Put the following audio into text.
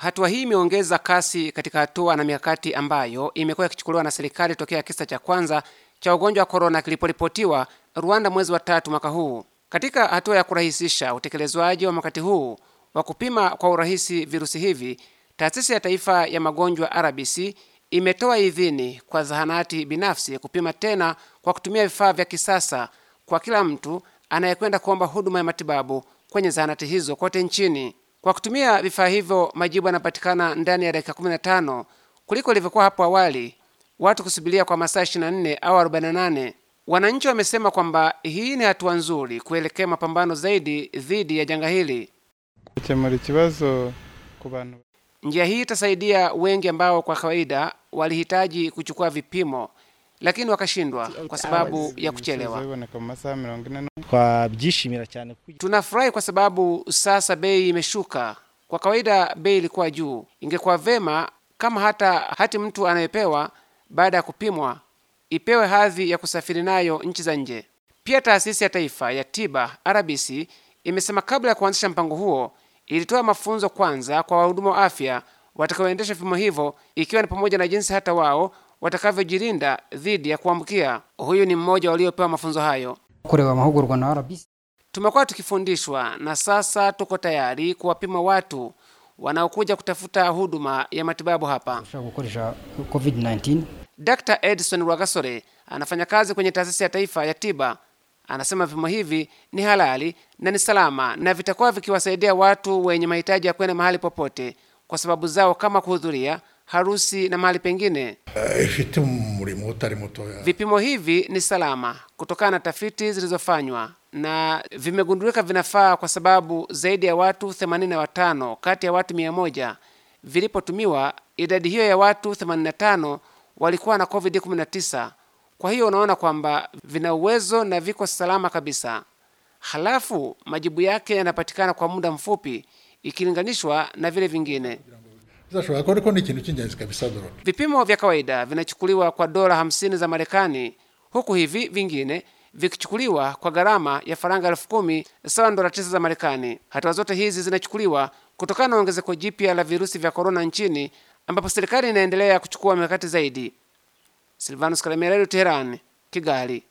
Hatua hii imeongeza kasi katika hatua na mikakati ambayo imekuwa ikichukuliwa na serikali tokea kisa cha kwanza cha ugonjwa wa korona kiliporipotiwa Rwanda mwezi wa tatu mwaka huu. Katika hatua ya kurahisisha utekelezwaji wa wakati huu wa kupima kwa urahisi virusi hivi, taasisi ya taifa ya magonjwa RBC imetoa idhini kwa zahanati binafsi kupima tena kwa kutumia vifaa vya kisasa kwa kila mtu anayekwenda kuomba huduma ya matibabu kwenye zahanati hizo kote nchini. Kwa kutumia vifaa hivyo, majibu yanapatikana ndani ya dakika 15 kuliko ilivyokuwa hapo awali, watu kusubiria kwa masaa 24 au 48. Wananchi wamesema kwamba hii ni hatua nzuri kuelekea mapambano zaidi dhidi ya janga hili. Njia hii itasaidia wengi ambao kwa kawaida walihitaji kuchukua vipimo lakini wakashindwa kwa sababu ya kuchelewa. Tunafurahi kwa sababu sasa bei imeshuka. Kwa kawaida bei ilikuwa juu. Ingekuwa vema kama hata hati mtu anayepewa baada ya kupimwa ipewe hadhi ya kusafiri nayo nchi za nje. Pia taasisi ya taifa ya tiba RBC imesema kabla ya kuanzisha mpango huo ilitoa mafunzo kwanza kwa wahudumu wa afya watakaoendesha vipimo hivyo, ikiwa ni pamoja na jinsi hata wao watakavyojilinda dhidi ya kuamkia. Huyu ni mmoja waliopewa mafunzo hayo. Tumekuwa tukifundishwa na sasa tuko tayari kuwapima watu wanaokuja kutafuta huduma ya matibabu hapa. Dr. Edison Rwagasore anafanya kazi kwenye taasisi ya taifa ya tiba. Anasema vipimo hivi ni halali na ni salama na vitakuwa vikiwasaidia watu wenye mahitaji ya kwenda mahali popote kwa sababu zao kama kuhudhuria harusi na mahali pengine. Eh, vipimo hivi ni salama kutokana na tafiti zilizofanywa na vimegundulika vinafaa kwa sababu zaidi ya watu 85 kati ya watu 100 vilipotumiwa, idadi hiyo ya watu 85 walikuwa na COVID-19. Kwa hiyo unaona kwamba vina uwezo na viko salama kabisa. Halafu majibu yake yanapatikana kwa muda mfupi ikilinganishwa na vile vingine zitashobora ariko ni ikintu cy'ingenzi kabisa drone vipimo vya kawaida vinachukuliwa kwa dola hamsini za Marekani huku hivi vingine vikichukuliwa kwa gharama ya faranga elfu kumi sawa dola tisa za Marekani. Hatua zote hizi zinachukuliwa kutokana na ongezeko jipya la virusi vya korona nchini, ambapo serikali inaendelea kuchukua mikakati zaidi. Silvanus Kalemera, teheran Kigali.